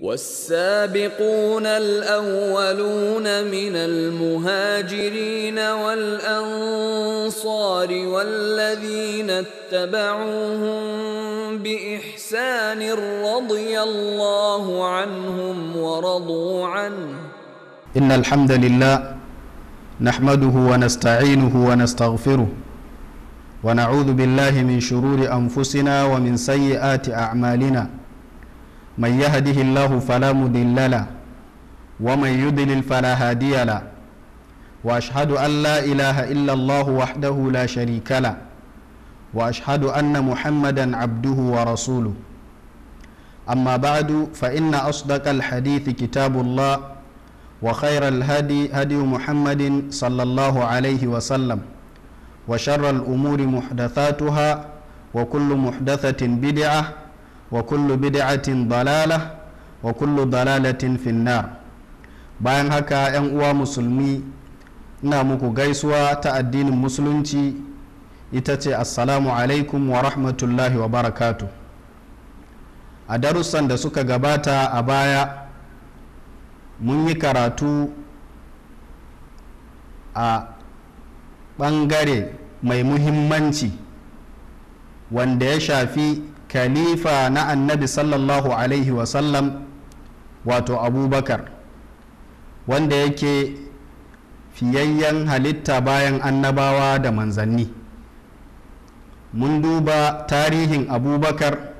والسابقون الأولون من المهاجرين والأنصار والذين اتبعوهم بإحسان رضي الله عنهم ورضوا عنه إن الحمد لله نحمده ونستعينه ونستغفره ونعوذ بالله من شرور أنفسنا ومن سيئات أعمالنا من يهده الله فلا مضل له ومن يضلل فلا هادي له واشهد ان لا اله الا الله وحده لا شريك له واشهد ان محمدا عبده ورسوله اما بعد فان اصدق الحديث كتاب الله وخير الهدي هدي محمد صلى الله عليه وسلم وشر الامور محدثاتها وكل محدثه بدعه wa kullu bid'atin dalala wa kullu dalalatin finna bayan haka 'yan uwa musulmi ina muku gaisuwa ta addinin musulunci ita ce assalamu alaikum wa rahmatullahi wa barakatu a darussan da suka gabata a baya mun yi karatu a ɓangare mai muhimmanci wanda ya shafi khalifa na annabi sallallahu alaihi wasallam wato abubakar wanda yake fiyayyen halitta bayan annabawa da manzanni mun duba tarihin abubakar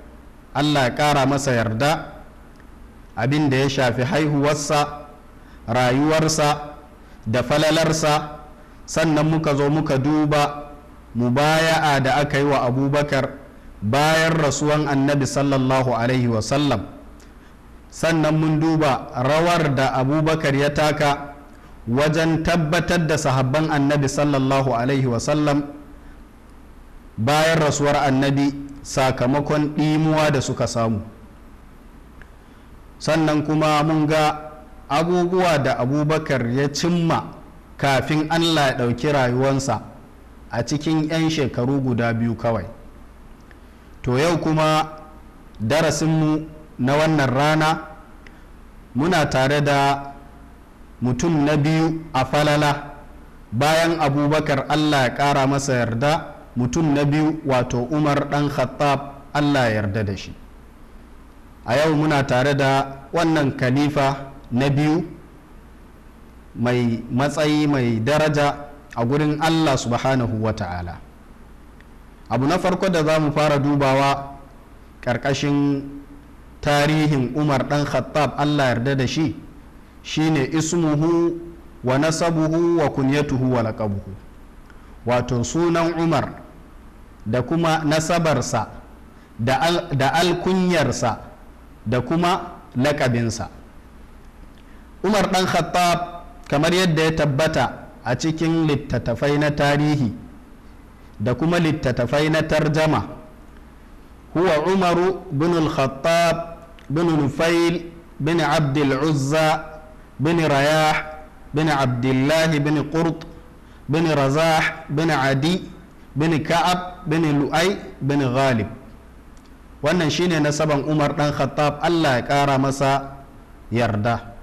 allah ya ƙara masa yarda abin da ya shafi haihuwarsa rayuwarsa da falalarsa sannan muka zo muka duba mubaya'a da aka yi wa abubakar bayan rasuwan annabi sallallahu alaihi wasallam sannan mun duba rawar da abubakar ya taka wajen tabbatar da sahabban annabi sallallahu alaihi wasallam bayan rasuwar annabi sakamakon ɗimuwa da suka samu sannan kuma mun ga abubuwa da abubakar ya cimma kafin allah ya ɗauki rayuwansa a cikin 'yan shekaru guda biyu kawai to yau kuma darasinmu na wannan rana muna tare da mutum na biyu a falala bayan abubakar allah ya kara masa yarda mutum na biyu wato umar dan khattab allah ya yarda da shi a yau muna tare da wannan khalifa na biyu mai matsayi mai daraja a gurin allah subhanahu wa ta'ala abu na farko da za mu fara dubawa ƙarƙashin tarihin umar ɗan khattab allah yarda da shi shine ismuhu wa nasabuhu wa kunyatuhu wa laqabuhu wato sunan umar da kuma nasabarsa da alkunyarsa da kuma laƙabinsa umar ɗan khattab kamar yadda ya tabbata a cikin littattafai na tarihi da kuma littattafai na tarjama huwa umaru bin al-khattab bin nufail bin abd uzza bin rayah bin abdullah bin qurt bin razah bin adi bin ka'ab bin lu'ai bin ghalib wannan shine nasaban umar dan khattab Allah ya kara masa yarda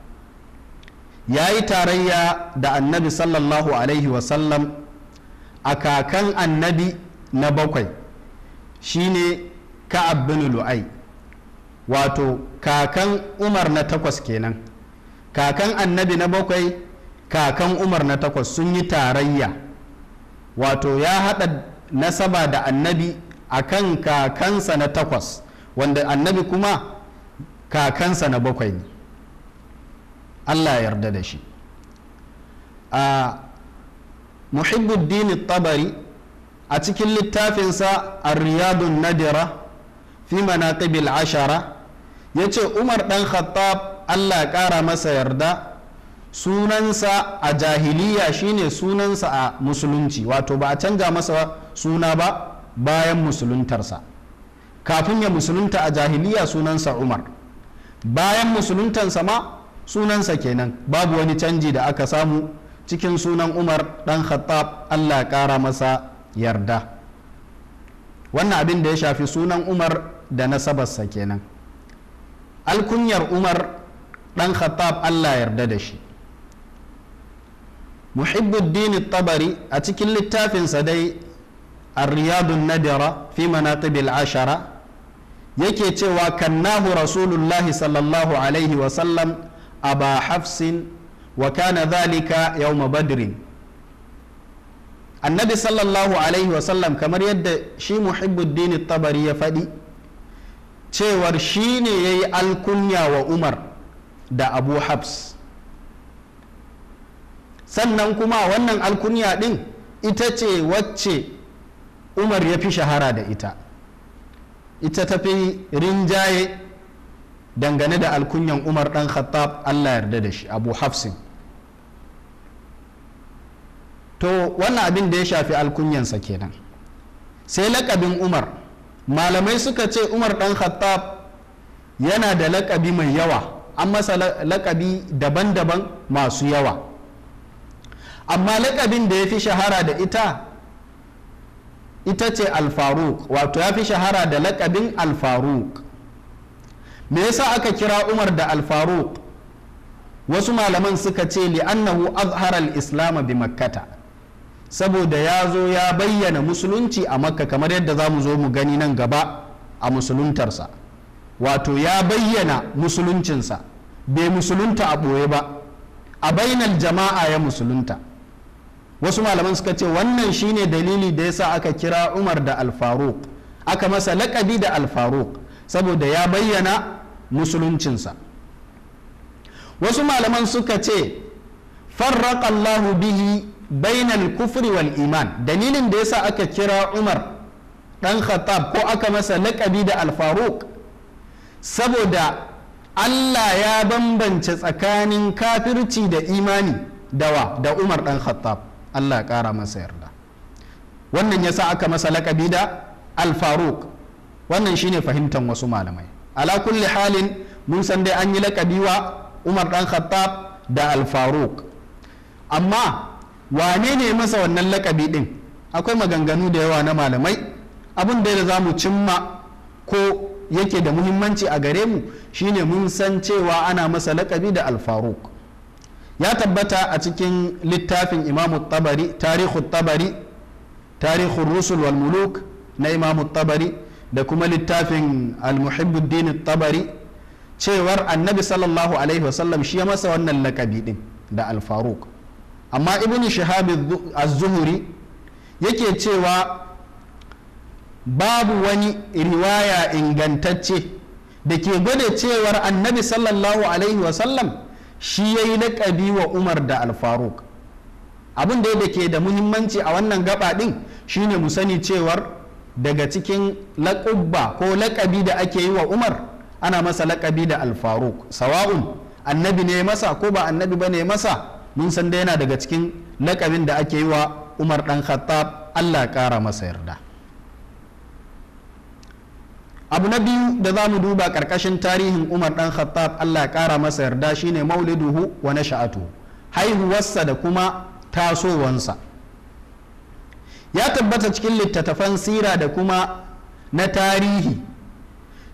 ya yi tarayya da annabi sallallahu alaihi wasallam a kakan annabi na bakwai shine ka'ab bin lu'ai wato kakan umar na takwas kenan kakan annabi na bakwai kakan umar na takwas sun yi tarayya wato ya haɗa nasaba da annabi a kan kakansa na takwas wanda annabi kuma kakansa na bakwai ne allah yarda da shi ah, muhibbuddin tabari a cikin littafinsa a riyadun nadira fi manaqibil ashara ya ce umar dan khattab Allah ya kara masa yarda sunansa a jahiliya shine sunansa a musulunci wato ba a canja masa suna ba bayan musuluntarsa kafin ya musulunta a jahiliya sunansa umar bayan musuluntansa ma sunansa kenan babu wani canji da aka samu cikin sunan umar dan khattab allah kara masa yarda wannan abin da ya shafi sunan umar da nasabarsa kenan alkunyar umar dan khattab allah yarda da shi muhibbuddin tabari a cikin littafinsa dai riyadun nadira fi manaqib ashara yake cewa kannahu rasulullahi sallallahu alaihi wasallam aba hafsin wa kana zalika yawma badrin annabi sallallahu alaihi wasallam kamar yadda shi muhibbuddin tabari ya faɗi cewar shi ne ya yi alkunya wa umar da abu habs sannan kuma wannan alkunya ɗin ita ce wacce umar ya fi shahara da ita ita ta fi rinjaye dangane da alkunyan umar dan khattab allah yarda da shi abu hafsin to wannan abin da ya shafi alkunyansa kenan sai lakabin umar malamai suka ce umar dan khattab yana da lakabi mai yawa an masa lakabi daban-daban masu yawa amma lakabin da ya fi shahara da ita ita ce alfaruk wato ya fi shahara da lakabin alfaruk me yasa aka kira umar da alfaruk wasu malaman suka ce li'annahu azhara al-islam bi makkata saboda ya zo ya bayyana musulunci a makka kamar yadda za mu zo mu gani nan gaba a musuluntarsa wato ya bayyana musuluncinsa bai musulunta a ɓoye ba a bainal jama'a ya musulunta wasu malaman suka ce wannan shine dalili da yasa aka kira umar da alfaruk aka masa laƙabi da alfaruk saboda ya bayyana musuluncinsa wasu malaman suka ce farraƙa bihi bainal kufri wal iman dalilin da yasa aka kira umar ɗan khattab ko aka masa laƙabi da alfaruk saboda allah ya bambance tsakanin kafirci da imani dawa da umar ɗan khattab allah ya ƙara masa yarda wannan yasa aka masa laƙabi da alfaruk wannan shine fahimtar wasu malamai ala kulli halin mun san dai an yi lakabi wa umar dan khattab da alfaruk amma wane ne masa wannan lakabi din akwai maganganu da yawa na malamai abin da za mu cimma ko yake da muhimmanci a gare mu shine mun san cewa ana masa lakabi da alfaruk ya tabbata a cikin littafin imamu tabari tarihu tabari tarihu rusul wal muluk na imamu tabari da kuma littafin al-muhibbuddin tabari cewar annabi sallallahu alaihi wasallam shi ya masa wannan lakabi din da al-faruq amma ibn shahab az-zuhri yake cewa babu wani riwaya ingantacce da ke gwada cewar annabi sallallahu alaihi wasallam shi ya yi lakabi wa umar da alfaruk abin da ke da muhimmanci a wannan gaba ɗin shine mu sani cewar daga cikin laƙubba ko laƙabi da ake yi wa umar ana masa laƙabi da alfaruk sawa'un annabi ne masa ko ba annabi ba ne masa mun san da yana daga cikin laƙabin da ake yi wa umar ɗan khattab allah ƙara masa yarda abu na biyu da za mu duba ƙarƙashin tarihin umar ɗan khattab allah ƙara masa yarda shine mauliduhu wa na sha'atu haihuwarsa da kuma tasowansa ya tabbata cikin littattafan sira da kuma na tarihi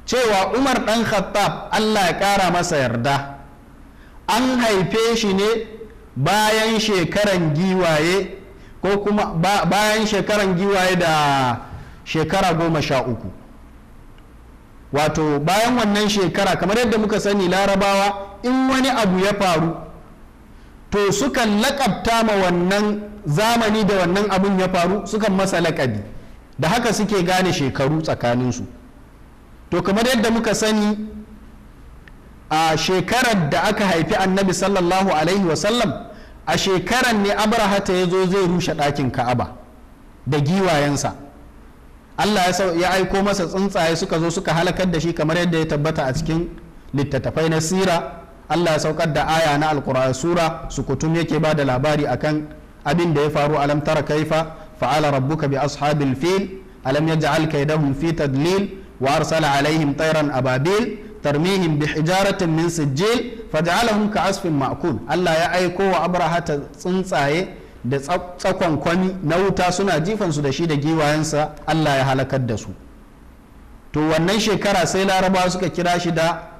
cewa umar ɗan khattab allah ya kara masa yarda an haife shi ne bayan shekaran giwaye ko kuma bayan shekaran giwaye da shekara goma sha uku wato bayan wannan shekara kamar yadda muka sani larabawa in wani abu ya faru to sukan lakabta ma wannan zamani da wannan abun ya faru sukan masa lakabi da haka suke gane shekaru tsakaninsu to kamar yadda muka sani a shekarar da aka haifi annabi sallallahu alaihi wasallam a shekarar ne ta ya zo zai rushe ɗakin ka'aba da giwayensa allah ya aiko masa tsuntsaye suka zo suka halakar da shi kamar yadda ya tabbata a cikin littattafai na sira Allah ya saukar da aya na alkur'ani sura sukutum yake ba da labari akan abin da ya faru alam tara kaifa fa'ala rabbuka bi ashabil fil alam yaj'al kaidahum fi tadlil wa arsala alaihim tayran ababil tarmihim bi hijaratin min sijil faj'alahum ka'asfin ma'kul Allah ya aiko wa abraha ta tsuntsaye da tsakon kwami na wuta suna jifan su da shi da giwayensa Allah ya halakar da su to wannan shekara sai larabawa suka kira shi da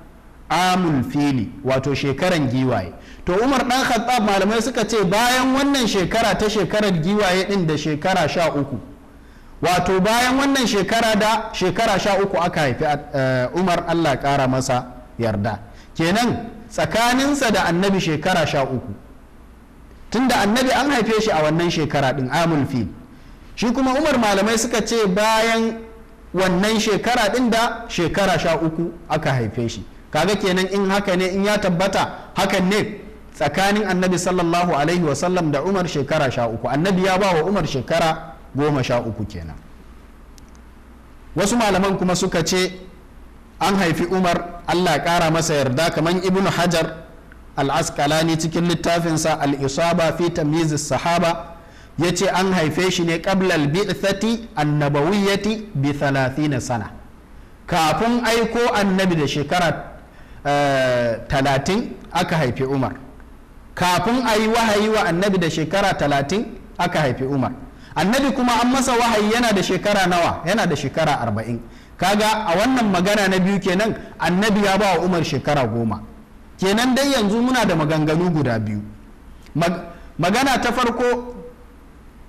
amul fili wato shekaran giwaye to umar dan khattab malamai suka ce bayan wannan shekara ta shekarar giwaye din da shekara sha uku wato bayan wannan shekara da shekara sha uku aka haifi eh, umar allah kara masa yarda kenan tsakaninsa da annabi shekara sha uku tunda annabi an haife shi a wannan shekara din amul fil shi kuma umar malamai suka ce bayan wannan shekara din da shekara sha uku aka haife shi kaga kenan in haka ne in ya tabbata hakan ne tsakanin annabi sallallahu alaihi wasallam da umar shekara sha uku annabi ya ba wa umar shekara goma sha uku kenan wasu malaman kuma suka ce an haifi umar allah kara masa yarda kamar ibnu hajar al cikin littafinsa al fi tamizis sahaba ya ce an haife shi ne qablal bi'thati annabawiyyati bi 30 sana kafin aiko annabi da shekara talatin aka haifi umar kafin a yi wahayi wa annabi da shekara talatin aka haifi umar annabi kuma an masa wahayi yana da shekara nawa yana da shekara arba'in kaga a wannan magana na biyu kenan annabi ya ba wa umar shekara goma kenan dai yanzu muna da maganganu guda biyu magana ta farko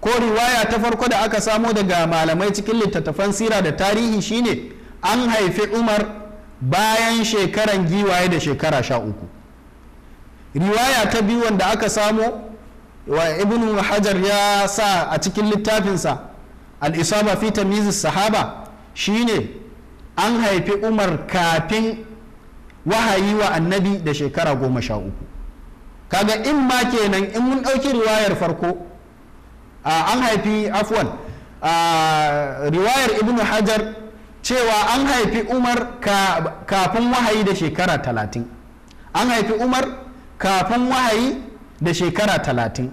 ko riwaya ta farko da aka samo daga malamai cikin littattafan sira da tarihi shine an haifi umar bayan shekaran giwaye da shekara sha uku riwaya ta biyu wanda aka samo wa ibn hajar ya sa a cikin littafinsa al-isaba fi tamizis sahaba shine an haifi umar kafin wahayi wa annabi da shekara goma sha uku kaga in ma kenan in mun ɗauki riwayar farko an haifi afwan riwayar ibn hajar cewa an haifi umar kafin wahayi da shekara talatin an haifi umar kafin wahayi da shekara talatin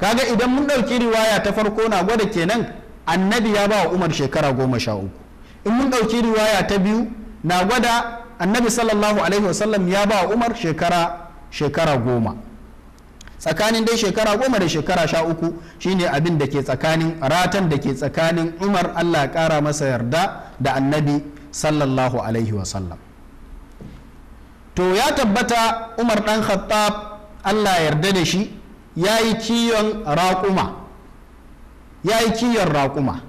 kaga idan mun ɗauki riwaya ta farko na gwada kenan annabi ya ba wa umar shekara goma sha uku in mun ɗauki riwaya ta biyu na gwada annabi sallallahu alaihi wasallam ya ba wa umar shekara shekara goma tsakanin dai shekara goma da shekara sha uku shine abin da ke tsakanin ratan da ke tsakanin umar allah ya kara masa yarda da annabi sallallahu alaihi wasallam to ya tabbata umar dan khattab allah yarda da shi ya yi kiyon raƙuma ya yi kiyon raƙuma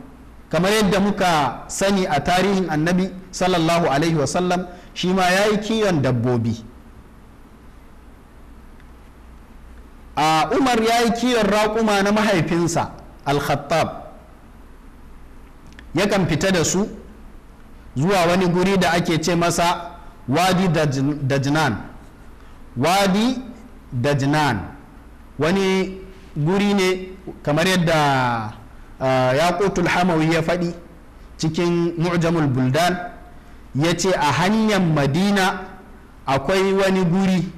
kamar yadda muka sani a tarihin annabi sallallahu alaihi wasallam shi ma ya yi kiyon dabbobi a umar ya yi kiyon raƙuma na mahaifinsa al-khattab yakan fita da su zuwa wani guri da ake ce masa wadi dajnan wadi dajnan wani guri ne kamar yadda yaqutul hamawi ya faɗi cikin mu'jamul buldan ya ce a hanyar madina akwai wani guri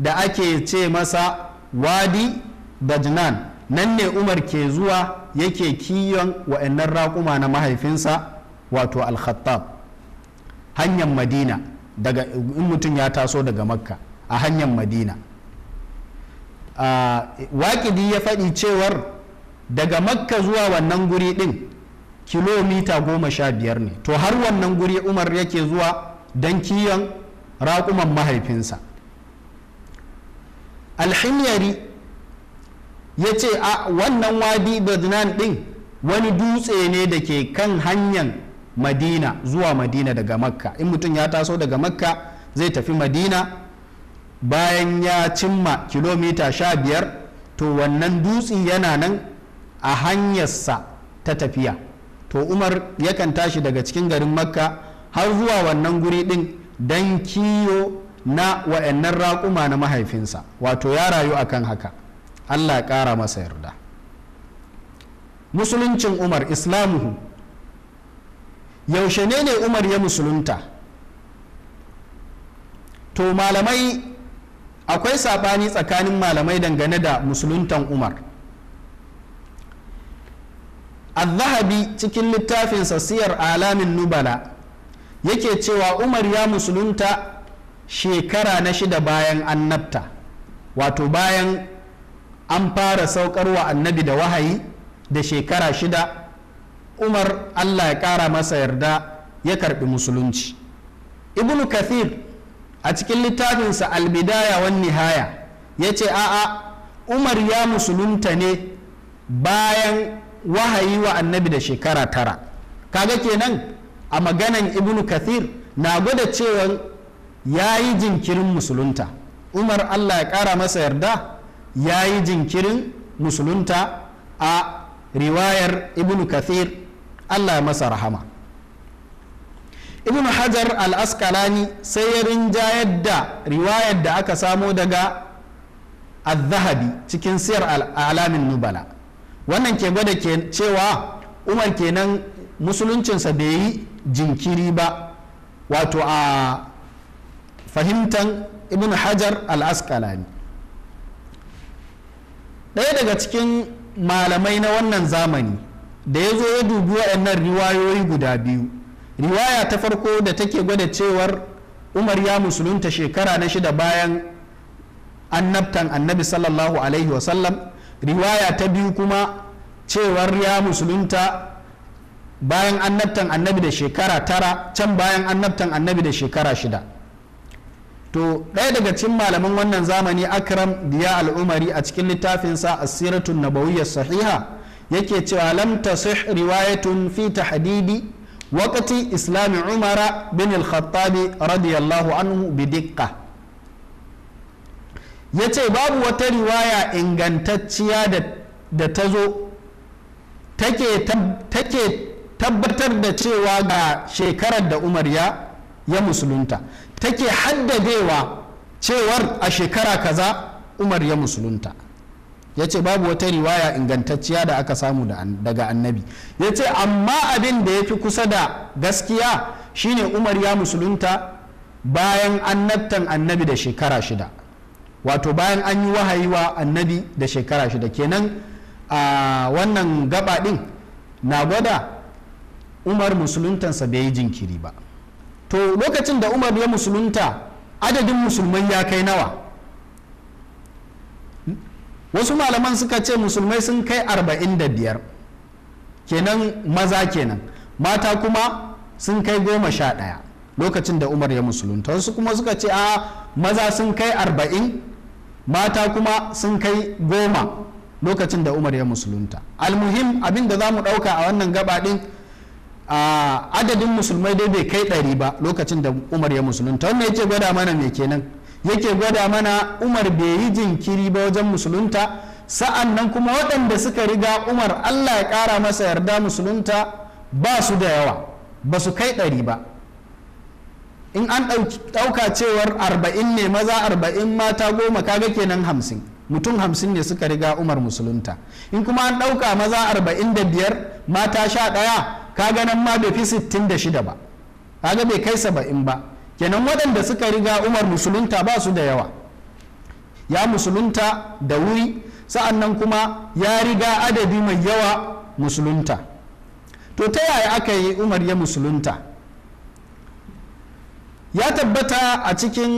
da ake ce masa wadi dajnan nan ne umar ke zuwa yake kiyon wa'annan raƙuma na mahaifinsa wato al-khattab hanyar madina daga in mutum ya taso daga makka a hanyar madina waƙidi ya faɗi cewar daga makka zuwa wannan guri ɗin kilomita goma sha biyar ne to har wannan guri umar yake zuwa don kiyon raƙuman mahaifinsa alhimyari ya ce a wannan wadi badnan din wani dutse ne da ke kan hanyar madina zuwa madina daga makka in mutum ya taso daga makka zai tafi madina bayan ya cimma kilomita sha biyar to wannan dutse yana nan a hanyarsa ta tafiya to umar yakan tashi daga cikin garin makka har zuwa wannan guri din don kiyo na wa'annan raƙuma na mahaifinsa wato ya rayu akan haka allah ƙara masa yarda musuluncin umar islamuhu yaushe ne ne umar ya musulunta to malamai akwai saɓani tsakanin malamai dangane da musuluntan umar al-zahabi cikin littafinsa siyar alamin nubala yake cewa umar ya musulunta shekara na shida bayan annabta wato bayan an fara saukar wa annabi da wahayi da shekara shida umar allah ya kara masa yarda ya karbi musulunci ibnu kathir a cikin littafinsa albidaya wan nihaya ya ce a'a umar ya musulunta ne bayan wahayi wa annabi da shekara tara kaga kenan a maganan ibnu kathir na gwada cewa ya yi jinkirin musulunta umar allah ya kara masa yarda ya yi jinkirin musulunta a riwayar ibn kathir allah ya masa rahama ibn hajar al-askalani sai ya rinja yadda riwayar da aka samo daga al-zahabi cikin siyar alamin nubala wannan ke gwada cewa umar kenan musuluncinsa bai yi jinkiri ba wato a fahimtan ibn hajar al-asqalani ɗaya daga cikin malamai na wannan zamani da ya zo ya dubi waɗannan riwayoyi guda biyu riwaya ta farko da take gwada cewar umar ya musulunta shekara na shida bayan annabtan annabi sallallahu alaihi wasallam riwaya ta biyu kuma cewar ya musulunta bayan annabtan annabi da shekara tara can bayan annabtan annabi da shekara shida to ɗaya daga cikin malaman wannan zamani akram diya al'umari a cikin littafinsa asiratun nabawiyya sahiha yake cewa lam tasih riwayatun fi tahdidi wakati islam umara bin al radiyallahu anhu bi diqqa ya ce babu wata riwaya ingantacciya da ta zo take tabbatar da cewa ga shekarar da umar ya musulunta take haddadewa cewar a shekara kaza umar ya musulunta ya ce babu wata riwaya ingantacciya da aka samu daga annabi ya ce amma abin da ya fi kusa da gaskiya shine umar ya musulunta bayan annabtan annabi da shekara shida wato bayan an yi wahayi wa annabi da shekara shida kenan a wannan gaba din na gwada umar musuluntansa bai yi jinkiri ba to lokacin da umar ya musulunta adadin musulmai ya kai nawa wasu malaman suka ce musulmai sun kai arba'in da biyar kenan maza kenan mata kuma sun kai goma sha ɗaya lokacin da umar ya musulunta wasu kuma suka ce a maza sun kai arba'in mata kuma sun kai goma lokacin da umar ya musulunta almuhim abin da za mu ɗauka a wannan gaba ɗin a adadin musulmai dai bai kai ɗari ba lokacin da umar ya musulunta wannan yake gwada mana me kenan yake gwada mana umar bai yi jinkiri ba wajen musulunta sa'an nan kuma waɗanda suka riga umar allah ya ƙara masa yarda musulunta ba su da yawa ba su kai ɗari ba in an ɗauka cewar arba'in ne maza arba'in mata goma kaga kenan hamsin mutum hamsin ne suka riga umar musulunta in kuma an ɗauka maza arba'in da biyar mata sha ɗaya kaga nan ma bai fi sittin da shida ba kaga bai kai saba'in ba kenan waɗanda suka riga umar musulunta ba su da yawa ya musulunta da wuri sa'an nan kuma ya riga adadi mai yawa musulunta to ta yaya aka yi umar ya musulunta ya tabbata a cikin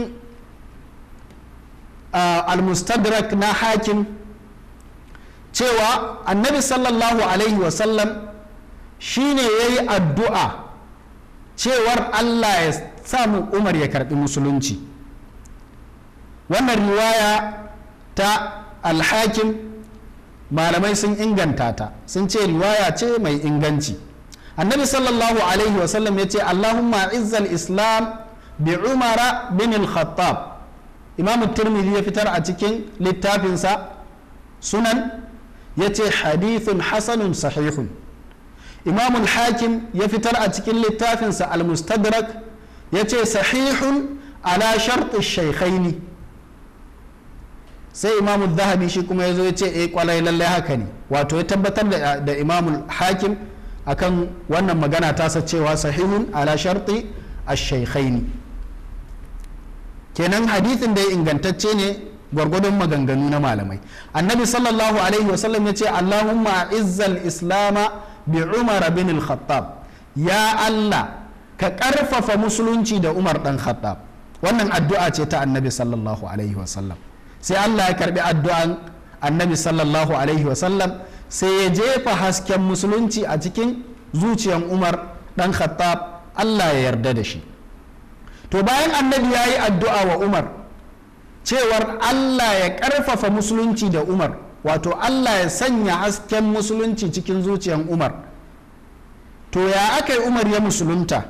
uh, almustadrak na hakim cewa annabi sallallahu alaihi wasallam Shi ne ya yi addu'a cewar allah ya samu umar ya karɓi musulunci wannan riwaya ta alhakim malamai sun inganta ta sun ce riwaya ce mai inganci annabi sallallahu alaihi wasallam ya ce allahumma izzal islam bi umara bin al-khattab imamu ya fitar a cikin littafinsa sunan ya ce hadithun hasanun sahihun imamul hakim ya fitar a cikin littafinsa al-mustadrak ya ce sahihun ala sharti shaikhaini sai imamul zahabi shi kuma ya zo ya ce eh kwalai lallai haka ne wato ya tabbatar da imamul hakim akan wannan magana tasa cewa sahihun ala sharti ash kenan hadithin da ya ingantacce ne gwargwadon maganganu na malamai annabi sallallahu alaihi wasallam ya ce allahumma izzal islama bi umar bin al-khattab ya Allah ka karfafa musulunci da umar dan khattab wannan addu'a ce ta annabi sallallahu alaihi wasallam sai Allah ya karbi addu'an annabi sallallahu alaihi wasallam sai ya jefa hasken musulunci a cikin zuciyan umar dan khattab Allah ya yarda da shi to bayan annabi ya yi addu'a wa umar cewar Allah ya karfafa musulunci da umar wato allah ya sanya hasken musulunci cikin zuciyan umar to ya aka yi umar ya musulunta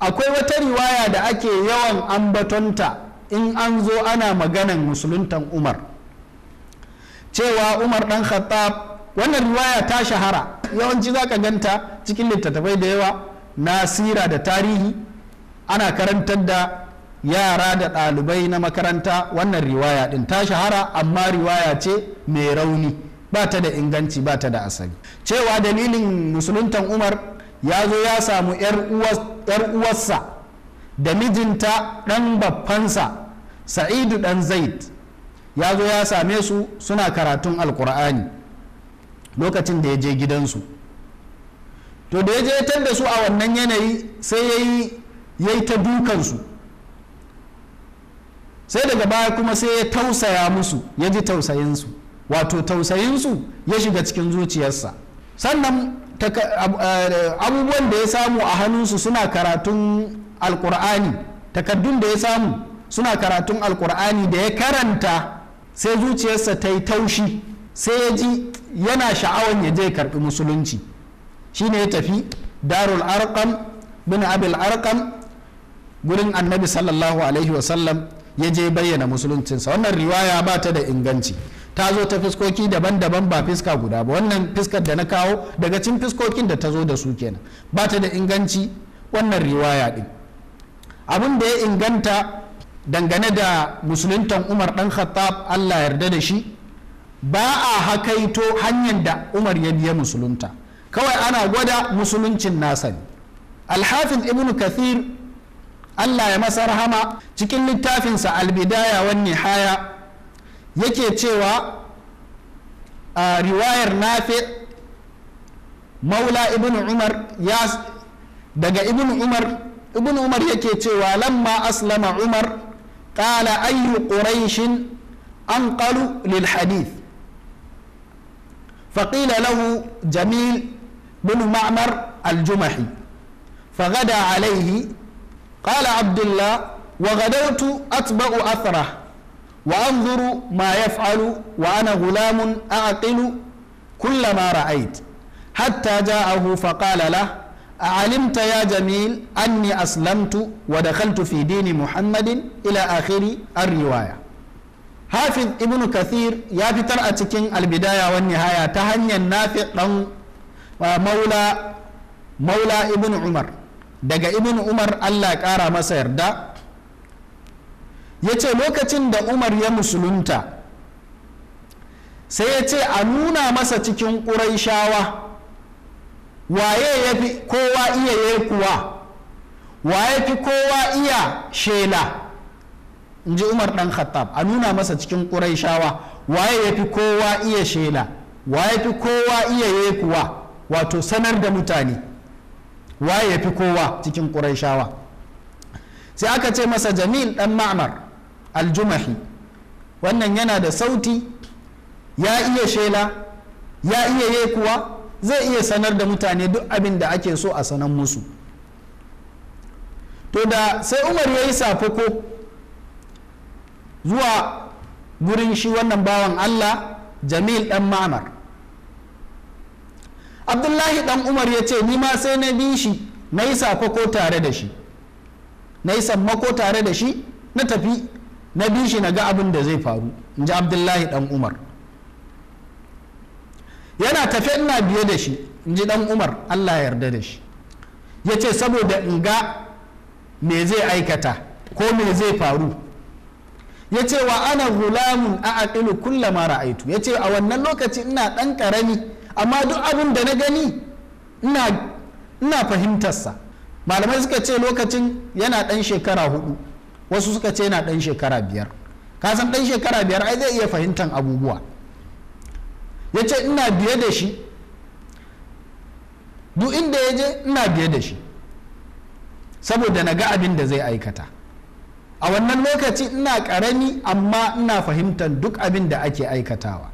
akwai wata riwaya da ake yawan ambatonta in an zo ana maganan musuluntan umar cewa umar dan khattab wannan riwaya ta shahara yawanci za ka ganta cikin littattafai da yawa na sira da tarihi ana karantar da yara da ɗalibai na makaranta wannan riwaya ɗin ta shahara amma riwaya ce mai rauni ba ta da inganci ba ta da asali cewa dalilin musuluntan umar ya zo ya samu 'yar uwarsa da mijinta ɗan baffansa sa'idu ɗan zaid ya zo ya same su suna karatun alkur'ani lokacin da ya je gidansu to da ya je tar da su a wannan yanayi sai ya yi ta dukansu sai daga baya kuma sai ya tausaya musu ya ji tausayinsu wato tausayinsu ya shiga cikin zuciyarsa sannan eh, abubuwan da ya samu a hannunsu suna karatun alkur'ani takardun da ya samu suna karatun alkur'ani da ya karanta sai zuciyarsa ta yi taushi sai ya ji yana sha'awan ya je karbi musulunci shine ya tafi darul arkam bin abil arkam gurin annabi sallallahu alaihi wasallam ya je bayyana musuluncinsa wannan riwaya ba ta da inganci ta zo ta fiskoki daban-daban ba fiska guda ba wannan fiskar da na kawo daga cikin fiskokin da ta zo da su kenan ba ta da inganci wannan riwaya din abin da ya inganta dangane da musuluntan umar dan khattab allah yarda da shi ba a hakaito hanyar da umar ya biya musulunta kawai ana gwada musuluncin nasa ne alhafiz ibn kathir Allah ya masa rahama cikin littafinsa albidaya wan nihaya yake cewa a riwayar nafi maula ibn umar ya daga ibn umar ibn umar yake cewa lamma aslama umar qala ayyu quraishin anqalu lil hadith فقيل له جميل بن معمر الجمحي فغدا عليه qala abdullah wa gadartu atba'u athara wa anzuru ma yaf'alu wa ana gulamun a'qilu kullama ra'ait hatta ja'ahu faqala lahu أعلمت يا جميل أني أسلمت ودخلت في دين محمد إلى آخر الرواية حافظ ابن كثير يا بتر أتكين البداية والنهاية تهني النافع مولى مولى ابن عمر daga ibn umar allah ƙara masa yarda ya ce lokacin da umar ya musulunta sai ya ce a nuna masa cikin ƙuraishawa waye ya fi kowa iya ya kuwa waye fi kowa iya shela in ji umar ɗan khattab a nuna masa cikin ƙuraishawa waye ya fi kowa iya shela waye fi kowa iya ya kuwa wato sanar da mutane waye fi kowa cikin ƙuraishawa sai aka ce masa jamil dan mamar aljumahi wannan yana da sauti ya iya shela ya iya kuwa zai iya sanar da mutane duk abin da ake so a sanar musu to da sai umar ya yi ko zuwa gurin shi wannan bawan allah jamil ɗan ma'amar abdullahi dan umar ya ce ni ma sai na bi shi na yi ko tare da shi na yi ko tare da shi na tafi na bi shi na ga abin da zai faru in ji abdullahi dan umar yana tafe ina biye da shi in ji dan umar allah ya yarda da shi ya ce saboda in ga me zai aikata ko me zai faru ya ce wa ana gulamun a kulla mara aitu ya ce a wannan lokaci ina ɗan ƙarami amma duk abin da na gani ina fahimtarsa malamai suka ce lokacin yana ɗan shekara hudu wasu suka ce yana ɗan shekara biyar kasan ɗan shekara biyar ai zai iya fahimtar abubuwa ya ce ina biye da shi duk inda ya je ina biye da shi saboda na ga abin da zai aikata a wannan lokaci ina ƙarami amma ina fahimtar duk abin da ake aikatawa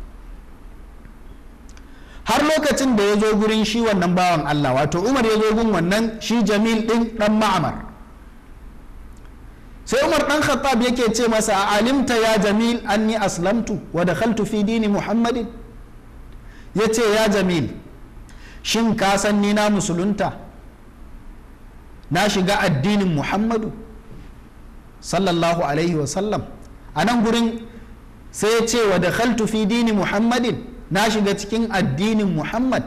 har lokacin da ya zo gurin shi wannan bawan Allah wato Umar ya zo gun wannan shi Jamil din dan Ma'amar sai Umar dan Khattab yake ce masa a alimta ya Jamil anni aslamtu wa dakhaltu fi dini Muhammadin yace ya Jamil shin ka san ni na musulunta na shiga addinin Muhammadu sallallahu alaihi wa sallam a gurin sai ya ce wa dakhaltu fi dini Muhammadin na shiga cikin addinin muhammad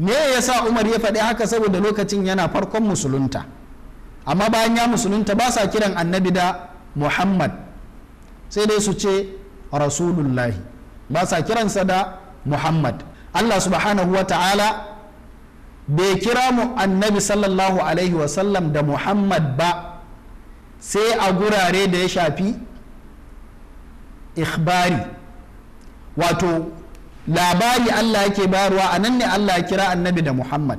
me ya sa umar ya faɗi haka saboda lokacin yana farkon musulunta amma bayan ya musulunta ba sa kiran annabi da muhammad sai dai su ce rasulullahi ba sa kiransa da muhammad allah subhanahu wa ta'ala bai kira mu annabi sallallahu alaihi wasallam da muhammad ba sai a gurare da ya shafi ikhbari wato labari Allah yake bayarwa a nan ne Allah ya kira annabi da Muhammad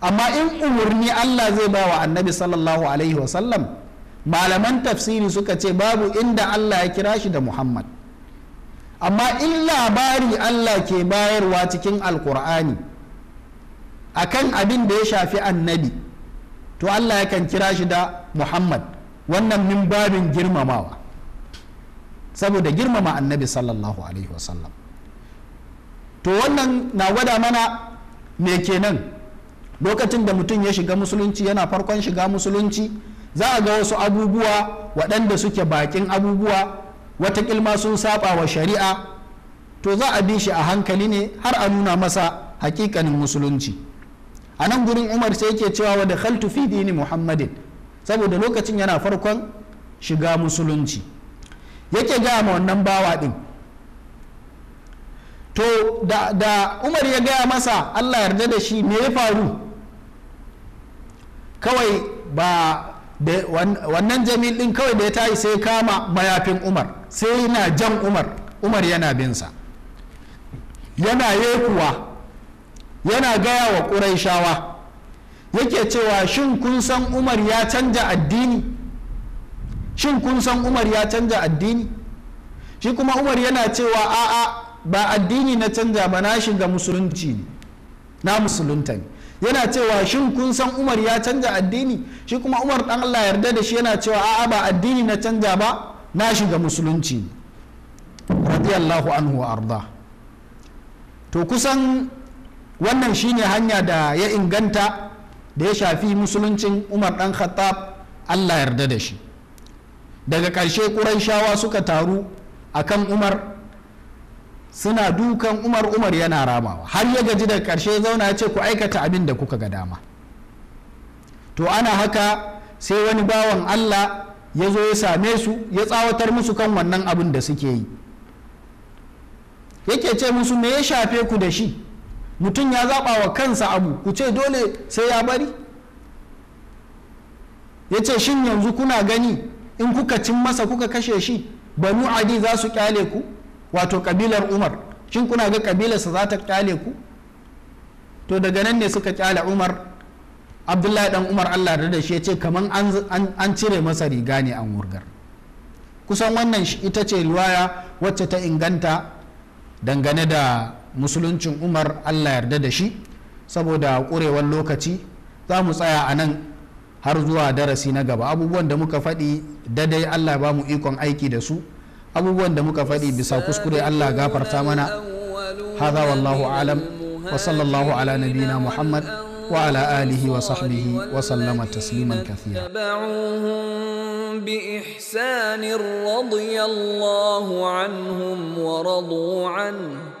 amma in umarni Allah zai ba wa annabi sallallahu alaihi wasallam malaman tafsiri suka ce babu inda Allah ya kira shi da Muhammad amma in labari Allah ke bayarwa cikin alkur'ani akan abin da ya shafi annabi to Allah yakan kira shi da Muhammad wannan min babin girmamawa saboda girmama annabi sallallahu alaihi wasallam to wannan na gwada mana me kenan lokacin da mutum ya shiga musulunci yana farkon shiga musulunci za a ga wasu abubuwa waɗanda suke bakin abubuwa wata ƙilma sun saba wa shari'a to za a bi shi a hankali ne har a nuna masa hakikanin musulunci a nan gurin umar sai yake cewa wa da fi dini muhammadin saboda lokacin yana farkon shiga musulunci yake gaya ma wannan bawa ɗin to da, umar ya gaya masa allah yarda da shi me ya faru kawai ba wannan jamil din kawai da ya tayi sai kama mayafin umar sai yana jan umar umar yana binsa yana yekuwa yana gaya wa ƙuraishawa yake cewa shin kun san umar ya canja addini shin kun san umar ya canja addini shi kuma umar yana cewa a'a ba addini na canja ba na shiga musulunci ne na musulunta ne yana cewa shin kun san umar ya canja addini shi kuma umar dan Allah yarda da shi yana cewa a'a ba addini na canja ba na shiga musulunci ne radiyallahu anhu arda to kusan wannan shine hanya da ya inganta da ya shafi musuluncin umar dan khattab Allah yarda da shi daga ƙarshe shawa suka taru akan umar suna dukan umar umar yana ramawa har ya gaji daga ƙarshe zauna ya ce ku aikata abin da kuka ga dama to ana haka sai wani bawan allah ya zo ya same su ya tsawatar musu kan wannan abin da suke yi yake ce musu me ya shafe ku da shi mutum ya zaɓa wa kansa abu ku ce dole sai ya bari ya ce shin yanzu kuna gani in kuka cin masa kuka kashe shi banu adi za su kyale ku wato kabilar umar shin kuna ga kabilarsa za ta kyale ku to daga nan ne suka kyale umar abdullahi dan umar allah da shi ya ce kamar an cire masa riga ne an wurgar kusan wannan ita ce luwaya wacce ta inganta dangane da musuluncin umar allah yarda da shi saboda kurewan lokaci za mu tsaya a nan har zuwa darasi na gaba abubuwan da muka faɗi dai allah ba mu ikon aiki da su abubuwan da muka faɗi bisa kuskure Allah gafarta mana hadha wallahu alam wa sallallahu ala nabina muhammad wa ala alihi wa sahbihi wa sallama tasliman kathira بإحسان رضي الله عنهم ورضوا عنه